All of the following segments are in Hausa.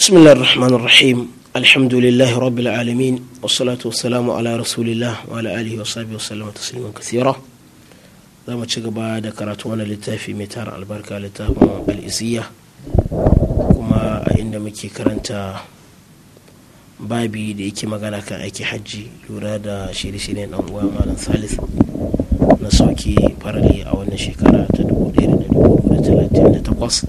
بسم الله الرحمن الرحيم الحمد لله رب العالمين والصلاة والسلام على رسول الله وعلى آله وصحبه وسلم تسليما كثيرا زما cigaba da karatu wani littafi mai tara albarka littafin al'isiyya kuma a inda muke karanta babi da yake magana kan aiki hajji lura da shirye-shiryen dan uwa malam salis na sauki farali a wannan shekara ta 1938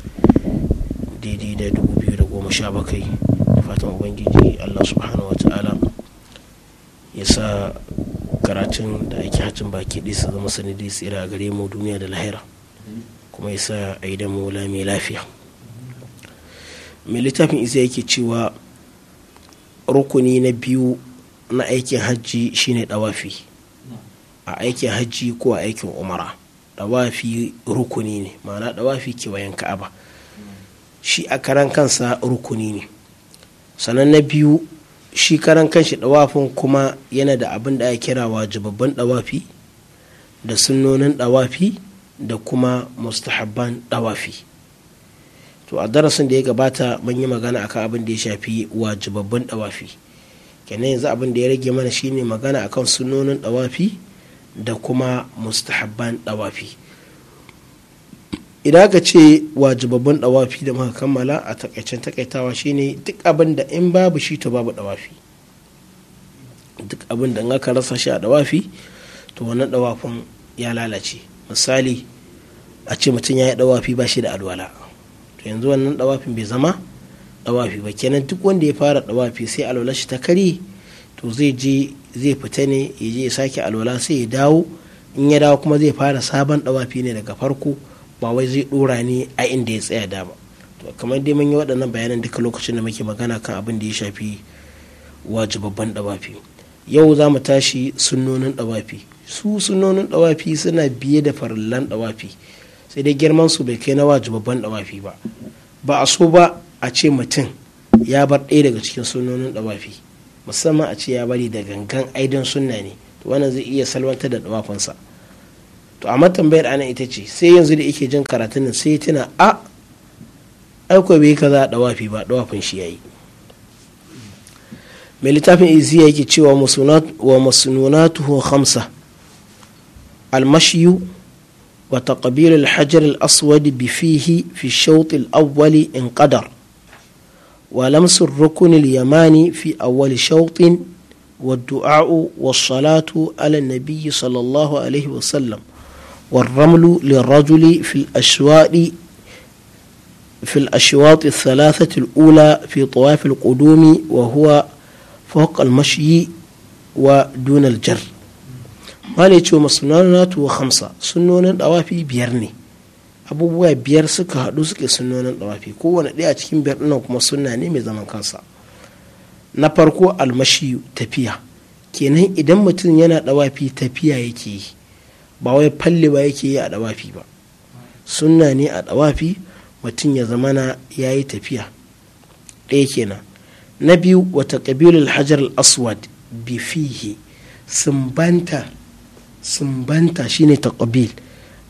daidai da goma sha da fatan ubangiji allah subhanahu wa ta'ala ya sa karatun da ake hacin baki ɗaya su zama sanadi tsira a gare mu duniya da lahira kuma ya sa a yi damu mai lafiya mai littafin isa yake cewa rukuni na biyu na aikin hajji shine dawafi a aikin hajji ko a aikin umara dawafi rukuni ne ma'ana dawafi kewayen ka'aba shi a karan kansa rukuni ne sannan na biyu shi karan kanshi dawafin kuma yana da abin da ya kira wajibabban dawafi da sunnonin dawafi da kuma mustahabban dawafi to a darasin da ya gabata mun yi magana akan abin da ya shafi wajibabban dawafi kenan yanzu abin da ya rage mana shine magana akan sunnonin dawafi da kuma mustahabban dawafi idan ka ce wajibabban dawafi da muka kammala a takaicen takaitawa shine duk abin da in babu shi to babu dawafi duk abin da aka rasa shi a dawafi to wannan dawafin ya lalace misali a ce mutum ya yi dawafi ba shi da alwala to yanzu wannan dawafin bai zama dawafi ba kenan duk wanda ya fara dawafi sai alwala shi ta kari to zai je zai fita ne ya je ya sake alwala sai ya dawo in ya dawo kuma zai fara sabon dawafi ne daga farko ba wai zai dora ni a inda ya tsaya da ba to kamar dai mun yi waɗannan bayanan duka lokacin da muke magana kan abin da ya shafi wajibabban dawafi yau za mu tashi sunnonin dawafi su sunnonin dawafi suna biye da farallan dawafi sai dai girman su bai kai na wajibabban dawafi ba ba a so ba a ce mutum ya bar ɗaya daga cikin sunnonin dawafi musamman a ce ya bari da gangan aidan sunna ne to wannan zai iya salwantar da dawafinsa to amma tambayar ana ita ce sai yanzu da yake jin karatun sai tuna a aiko bai kaza a dawafi ba dawafin shi yayi mai littafin iziya yake cewa wa masununatuhu khamsa almashiyu wa taqbil alhajar al aswadi bi fihi fi shawt al in qadar wa lamsu ar yamani fi awwal shawt والدعاء والصلاة على النبي صلى الله عليه وسلم والرمل للرجل في الأشواط في الأشواط الثلاثة الأولى في طواف القدوم وهو فوق المشي ودون الجر ما ya ce wa hamsa sunnonin biyar ne abubuwa biyar suka haɗu suke sunonin dawafi kowane ɗaya cikin biyar ɗinnan kuma suna ne mai zaman kansa na farko almashi tafiya kenan idan mutum yana dawafi tafiya yake yi ba wai falle ba yake yi a dawafi ba sunna ne a dawafi mutum ya zamana ya yi tafiya ɗaya kenan na biyu wata ƙabilul hajar aswad bifihi sumbanta sumbanta shine taqabil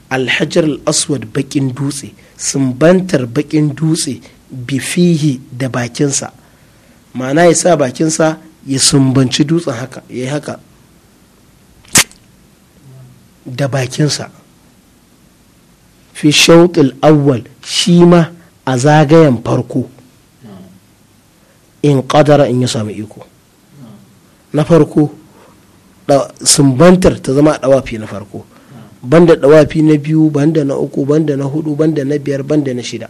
alhajar al-aswad bakin dutse sumbantar baƙin dutse bifihi da bakinsa ma'ana ya sa bakinsa ya sumbanci dutsen haka ya yi haka da bakinsa fi shautil awwal shi ma a zagayen farko in kadara in ya sami iko na farko sumbantar ta zama dawafi na farko banda dawafi na biyu banda na uku banda na hudu banda na biyar banda na shida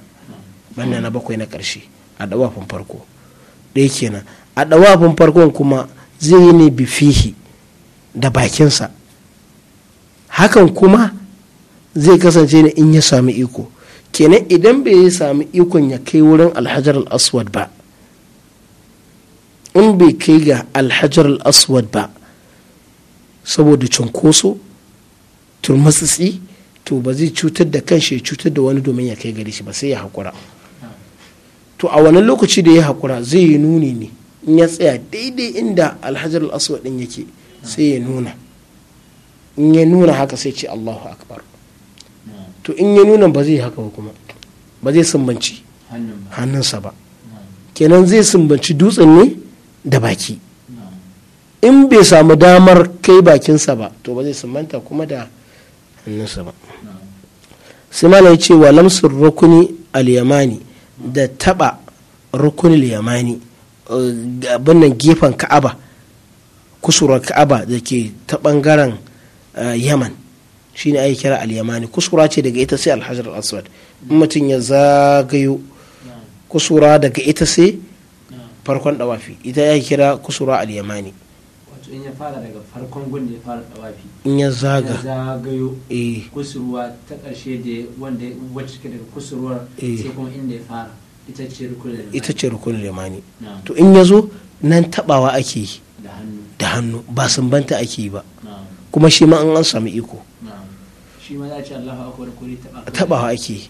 banda na bakwai na karshe a dawafin farko yake kenan a dawafin farkon kuma zai yi ne bifihi da bakinsa hakan kuma zai kasance ne in ya sami iko kenan idan bai sami ikon ya kai wurin alhajar al'aswad ba in bai kai ga alhajar al'aswad ba saboda cunkoso turmatsitsi to ba zai cutar da kanshi ya cutar da wani domin ya kai gare shi ba sai ya haƙura to a wani lokaci da ya haƙura zai yi nuni ne in ya tsaya daidai inda alhajar al'aswad din yake sai ya nuna in ya nuna haka sai ce Allahu akbar to in ya nuna ba zai haka ba kuma ba zai sumbanci hannunsa ba kenan zai sumbanci dutsen ne da baki in bai samu damar kai bakinsa ba to ba zai sumbanta kuma da hannunsa ba sai mana ya ce lamsin rukuni al-yamani da taba rukunin yamani eh, abin nan gefen ka'aba kusurar ka'aba da ke ta bangaren yaman shi ne ake kira al-yamani kusura ce daga ita sai alhajar al-aswad in mutum ya zagayo kusura daga ita sai farkon dawafi ita ya kira kusura al-yamani in ya fara daga farkon gun da ya fara dawafi in ya zaga zagayo kusurwa ta karshe da wanda wacce ke daga kusurwar sai kuma inda ya fara ita ce rukunin limani to in ya zo nan tabawa ake yi da hannu ba sun banta ake yi ba kuma shi ma an an samu iko taba ake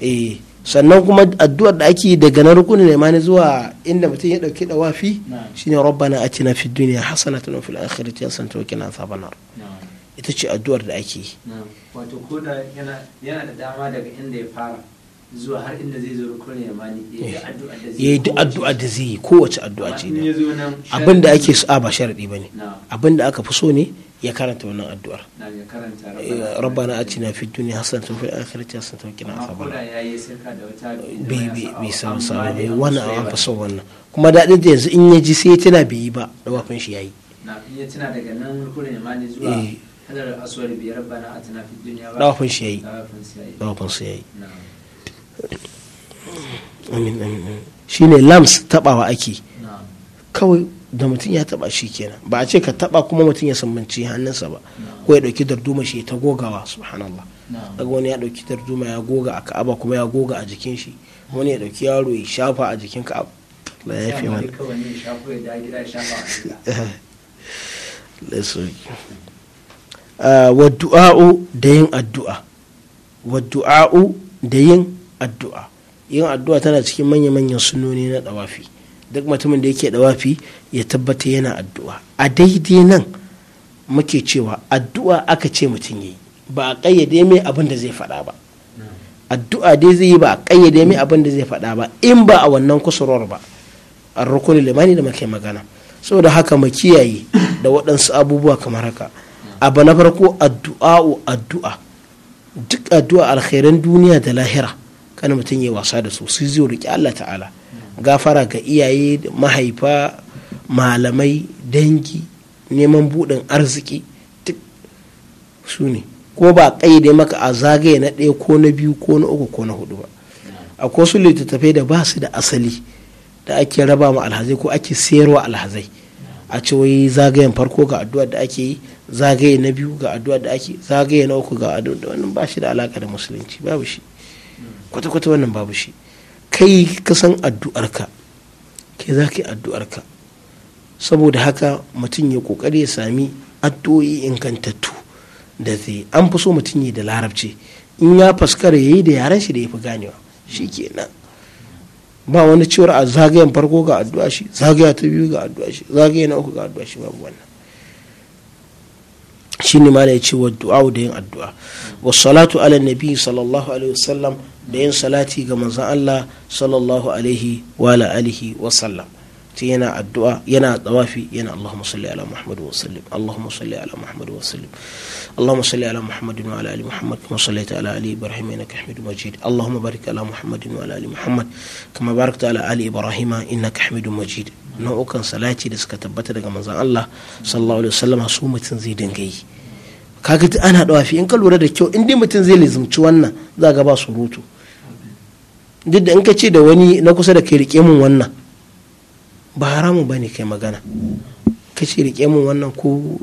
eh sannan kuma addu'ar da ake daga na rukuni ne ma zuwa inda mutum ya dauki wafi. shine rabbana atina fid dunya hasanatan wa fil akhirati hasanatan wa qina azaban nar ita ce addu'ar da ake wato ko da yana da dama daga inda ya fara zuwa har inda zai zo rukuni ne ma ya yi eh, addu'a da zai yi kowace addu'a ce abin da ake so ba sharadi bane abin da aka fi so ne ya karanta wannan addu'ar rabbana eh, atina fid dunya hasanatan fil akhirati hasanatan wa qina azaban bai bai bi samu samu bai wannan an fa son wannan kuma dadin da yanzu in ya ji sai ya tana bai ba da wafin shi yayi na ya tana daga nan ma ne zuwa eh. hadar bi rabbana atina fid dunya wafin shi yayi da wafin shi yayi amin amin shine lams tabawa ake kawai da mutum ya taba shi kenan ba a ce ka taba kuma mutum ya sammanci hannunsa ba ko ya dauki darduma shi ta gogawa subhanallah daga wani ya dauki darduma ya goga a ka'aba kuma ya goga a jikin shi wani ya dauki yaro ya shafa a jikin ka'aba ya da yin addu'a yin addu'a tana cikin manya-manyan sunoni na dawafi duk mutumin da yake dawafi ya tabbata yana addu'a a daidai nan muke cewa addu'a aka ce mutum yi ba a kayyade mai abin da zai faɗa ba addu'a dai zai yi ba a kayyade mai abin da zai faɗa ba in ba a wannan kusurwar ba a rukunin limani da muke magana saboda haka mu kiyaye da waɗansu abubuwa kamar haka abu na farko addu'a addu'a duk addu'a alkhairan duniya da lahira kana mutum ya wasa da su sai zai riƙe Allah ta'ala gafara ga iyaye mahaifa malamai dangi neman buɗin arziki duk su ne ko ba ƙayyade maka a zagaye na ɗaya ko na biyu ko na uku ko na hudu ba a su littattafai da ba su da asali da ake raba ma alhazai ko ake sayarwa alhazai a ce wai zagayen farko ga addu'a da ake yi zagaye na biyu ga addu'a da ake zagaye na uku ga addu'a wannan ba shi da alaka da musulunci babu shi kwata-kwata wannan babu shi kai ka san addu'arka ke za ka yi addu'arka saboda haka mutum ya kokari ya sami addu'o'i ingantattu da zai an fi so mutum yi da larabci in ya faskara ya yi da yaren shi da ya fi ganewa shi kenan ba wani cewar a zagayen farko ga addu'a shi zagaya ta biyu ga addu'a shi zagaya na uku ga addu'a shi babu wannan ne ma da ya ce wa du'a da yin addu'a wa salatu ala nabi sallallahu alaihi wasallam da yin salati ga manzon Allah sallallahu alaihi wa alihi wa sallam tun yana addu'a yana tsawafi yana Allahumma salli ala muhammadu wa sallim Allahumma salli ala muhammadu wa sallim Allahumma salli ala Muhammad wa ala ali Muhammad kama sallaita ala ali Ibrahim ka hamidu Majid Allahumma barika ala Muhammad wa ala ali Muhammad kama barakta ala ali Ibrahim innaka Hamidum Majid nau'ukan salati da suka tabbata daga manzon Allah sallallahu alaihi wasallam su mutun zai dinga yi kaga ana dawafi in ka lura da kyau in dai zai lizumci wannan za ga ba surutu duk da in ka ce da wani na kusa da kai rike mun wannan ba haramun ba ne kai magana ka ce rike mun wannan ko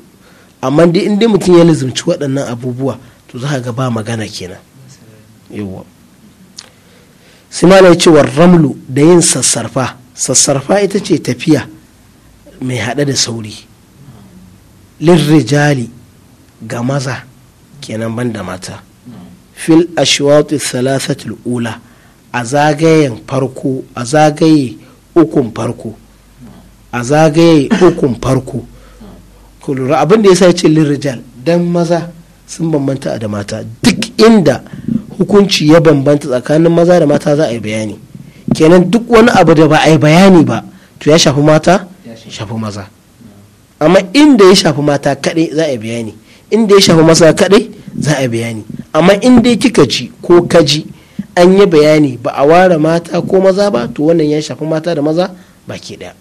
amma duk inda mutum ya lizumci waɗannan abubuwa to za ga ba magana kenan yawwa sai ma ramlu da yin sassarfa sassarfa ita ce tafiya mai haɗe da sauri lirrijali ga maza kenan banda mata fil ashwatu thalathatul ula a zagayen farko a zagaye ukun farko a zagaye ukun farko kulura abin da ya sa ce lirijal dan maza sun bambanta da mata duk inda hukunci ya bambanta tsakanin maza da mata za a yi bayani kenan duk wani abu da ba a yi bayani ba to ya shafi mata shafi maza amma inda ya shafi mata kaɗai za a yi bayani inda ya shafi maza kaɗai za a yi bayani amma inda kika ji ko kaji an yi bayani ba a ware mata ko maza ba to wannan ya shafi mata da maza ba ke daya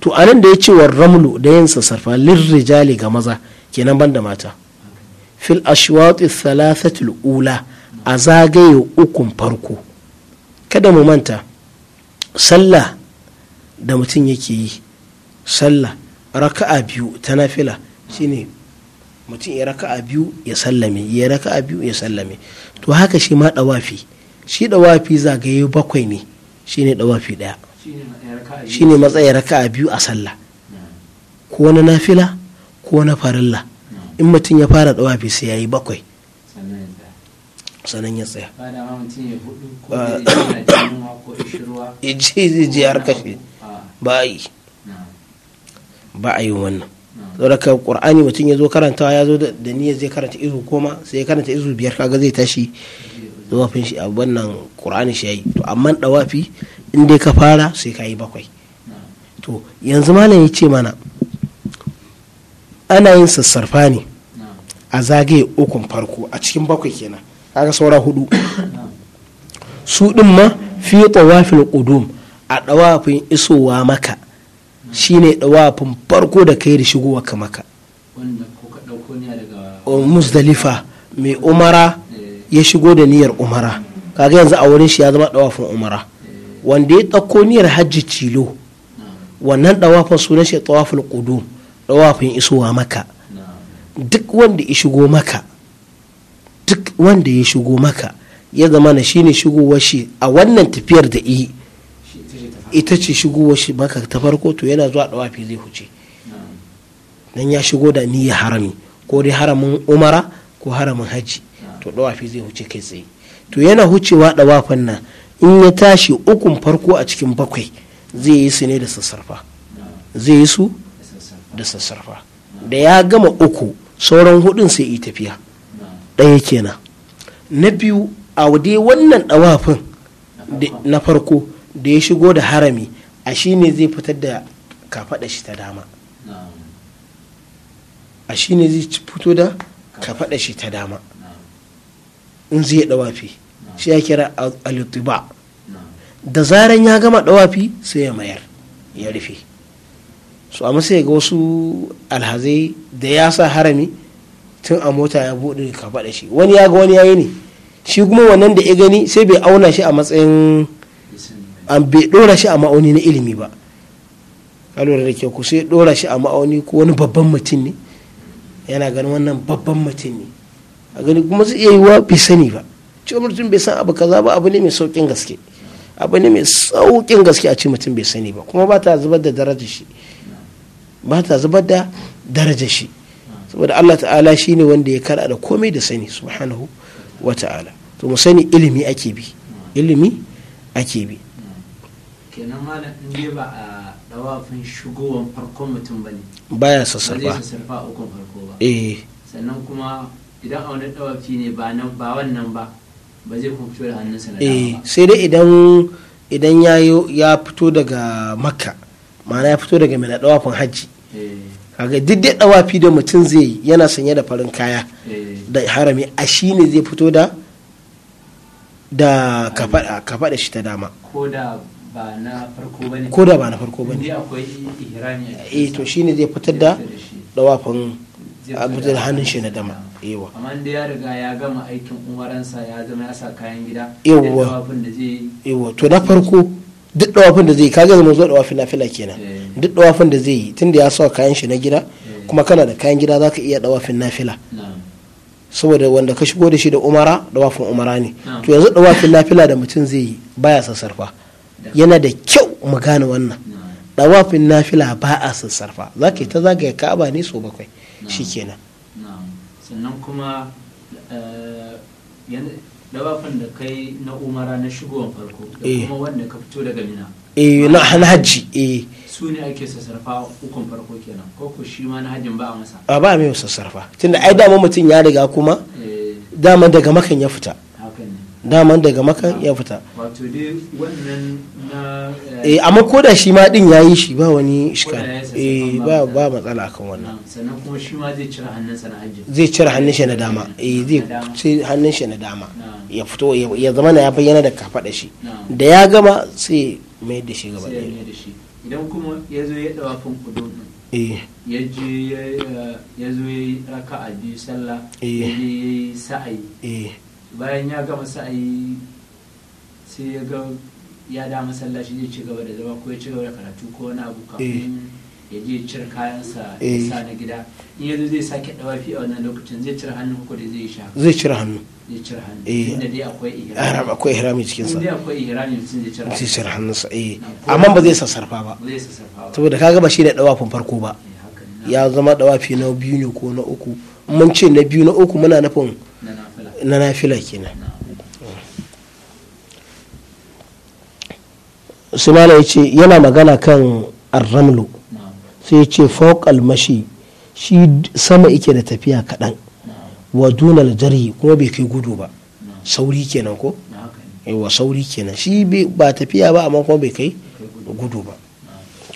to anan da ya ce wa ramlu da yin sassarfa lirrijali ga maza kenan banda mata fil ashwati thalathatul ula a zagaye ukun farko kada mu manta sallah da mutum yake yi sallah raka'a biyu ta nafila shine mutum ya raka a biyu ya sallame ya raka a biyu ya sallame to haka shi ma dawafi shi dawafi zagaye bakwai ne shi ne dawafi daya shi ne matsayin raka a biyu a sallah ko na nafila ko na farilla in mutum ya fara dawafi sai ya yi bakwai sanan ya tsaya ba ah. yi ah. ba a yi wannan saboda ƙur'ani mutum ya zo karantawa ya zo da niyyar zai karanta izu koma sai ya karanta izu biyar kaga zai tashi dawafin shi a wannan qur'ani shi yayi to amma dawafi in dai ka fara sai ka yi bakwai to yanzu malam ya ce mana ana yin sassarfa ne a zagaye ukun farko a cikin bakwai kenan kaga saura hudu su din ma fi tawafil qudum a dawafin isowa maka shine dawafin farko da kai da shigowa ka maka muzdalifa mai umara ya shigo da niyyar umara kaga yanzu a wurin shi ya zama dawafin umara wanda ya ɗauko niyyar hajji cilo wannan dawafin sunan shi dawafin Kudu. dawafin isowa maka duk wanda ya shigo maka duk wanda ya shigo maka ya zama na shine shigowar shi a wannan tafiyar da yi ita ce shigowar shi maka ta farko to yana zuwa dawafi zai huce dan ya shigo da niyya harami ko dai haramin umara ko haramin hajji to dawafi zai huce kai tsaye to yana hucewa dawafin nan in ya tashi ukun farko a cikin bakwai zai yi su ne da sassarfa zai yi su da sassarfa da ya gama uku sauran hudun sai yi tafiya ɗaya kenan na biyu a wade wannan dawafin na farko da ya shigo da harami a shi ne zai fitar da kafaɗa shi ta dama a shi ne zai fito da kafaɗa shi ta dama in zai ɗawafi shi ya kira alitiba da zaran ya gama ɗawafi sai ya mayar ya rufe su amma sai ga wasu alhazai da ya sa harami tun a mota ya buɗe kafaɗa shi wani ya ga wani yayi ne shi kuma wannan da ya gani sai bai auna shi a matsayin an bai dora shi a ma'auni na ilimi ba ka da kyau ku sai dora shi a ma'auni ko wani babban mutum ne yana ganin wannan babban mutum ne a gani kuma zai iya wa bai sani ba ce mutum bai san abu kaza ba abu ne mai saukin gaske abu ne mai saukin gaske a ce mutum bai sani ba kuma ba ta zubar da darajar shi ba ta zubar da darajar shi saboda Allah ta'ala shine wanda ya kara da komai da sani subhanahu wa ta'ala to mu sani ilimi ake bi ilimi ake bi kenan malam in dai ba a dawafin shigowan farkon mutum Ba ya sassarfa ba sassarfa ukun farko ba eh sannan kuma idan a wani dawafi ne ba nan ba wannan ba ba zai kuma fito da hannunsa na eh sai dai idan idan ya ya fito daga makka ma'ana ya fito daga mina dawafin hajji eh. kaga duk dai dawafi da mutum zai yana sanye da farin kaya eh. da harami a shi ne zai fito da da kafaɗa shi ta dama ko da ba na farko ko da ba na farko ba ne e to shi ne zai fitar da dawafin a hannun shi na dama yawa amma da ya riga ya gama aikin umaransa ya zama ya sa kayan gida yawa yawa to na farko duk dawafin da zai kaga zama zuwa dawafin nafila kenan eh. duk dawafin da zai yi da ya sa kayan shi na gida eh. kuma kana da kayan gida zaka iya dawafin nafila saboda wanda ka shigo da shi da umara dawafin umara ne to yanzu dawafin nafila da mutum zai yi baya sassarfa yana da kyau mu gane wannan na nafila ba a sassarfa za ka yi ta zagaya ka'aba ne so bakwai shikenan sannan kuma ɗawafin eh, da kai na umara na shigowan farko da eh. kuma wanda ka fito daga mina eh na hajji eh su ne ake sassarfa ukun farko kenan ko ko shi ma na hajji ba a masa a ba a mai sassarfa tunda ai dama mutum ya riga kuma eh. dama daga makan ya fita daman daga makan ya fita eh, eh, amma ko da shi ma din ya yi shi ba wani shika eh, ba ba matsala akan wannan sannan kuma shi ma zai cire hannun sa na hajji zai cire hannun shi na dama zai cire hannun shi na dama ya fito ya zama na ya bayyana da da shi da ya gama sai mai da shi gaba idan kuma ya zo ya dawa fin kudu ya je ya zo ya raka'a biyu sallah ya je ya yi sa'ayi bayan ya gama sa'ayi sai ya ga ya da masallaci zai ci gaba da zama ko ya ci gaba da karatu ko wani abu kafin eh. ya je cire kayansa ya eh. sa na gida in yanzu zai sake dawafi a wannan lokacin zai cire hannu ko da zai sha zai cire hannu zai cire hannu inda eh. dai akwai ihrami akwai ihrami cikin sa inda akwai ihrami mutum zai cire zai cire hannunsa eh amma ba zai sassarfa ba zai sassarfa ba saboda kaga ba shi da dawafin farko ba ya zama dawafi na biyu ne ko na uku mun ce na biyu na uku muna nufin na nafila kenan su ya ce yana magana kan arramlu sai ya ce fokal mashi shi sama ike da tafiya kaɗan wa dunal jari kuma bai kai gudu ba sauri kenan ko wa sauri kenan shi ba tafiya ba amma kuma bai kai gudu ba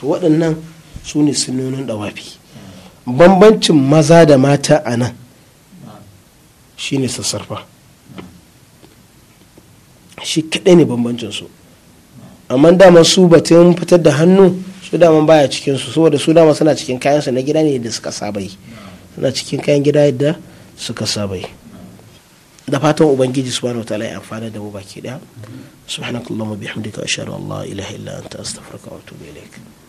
to waɗannan su ne sunonin ɗawafi bambancin maza da mata a nan shine sassarfa shi kaɗai ne bambancin su amma dama su batun fitar da hannu su dama baya cikin su saboda su dama suna cikin kayan su na gida ne da suka sabai suna cikin kayan gida yadda suka sabai da fatan ubangiji subhanahu wataala ya amfana da mu baki daya subhanakallahumma bihamdika ashhadu an la ilaha illa anta astaghfiruka wa atubu ilaik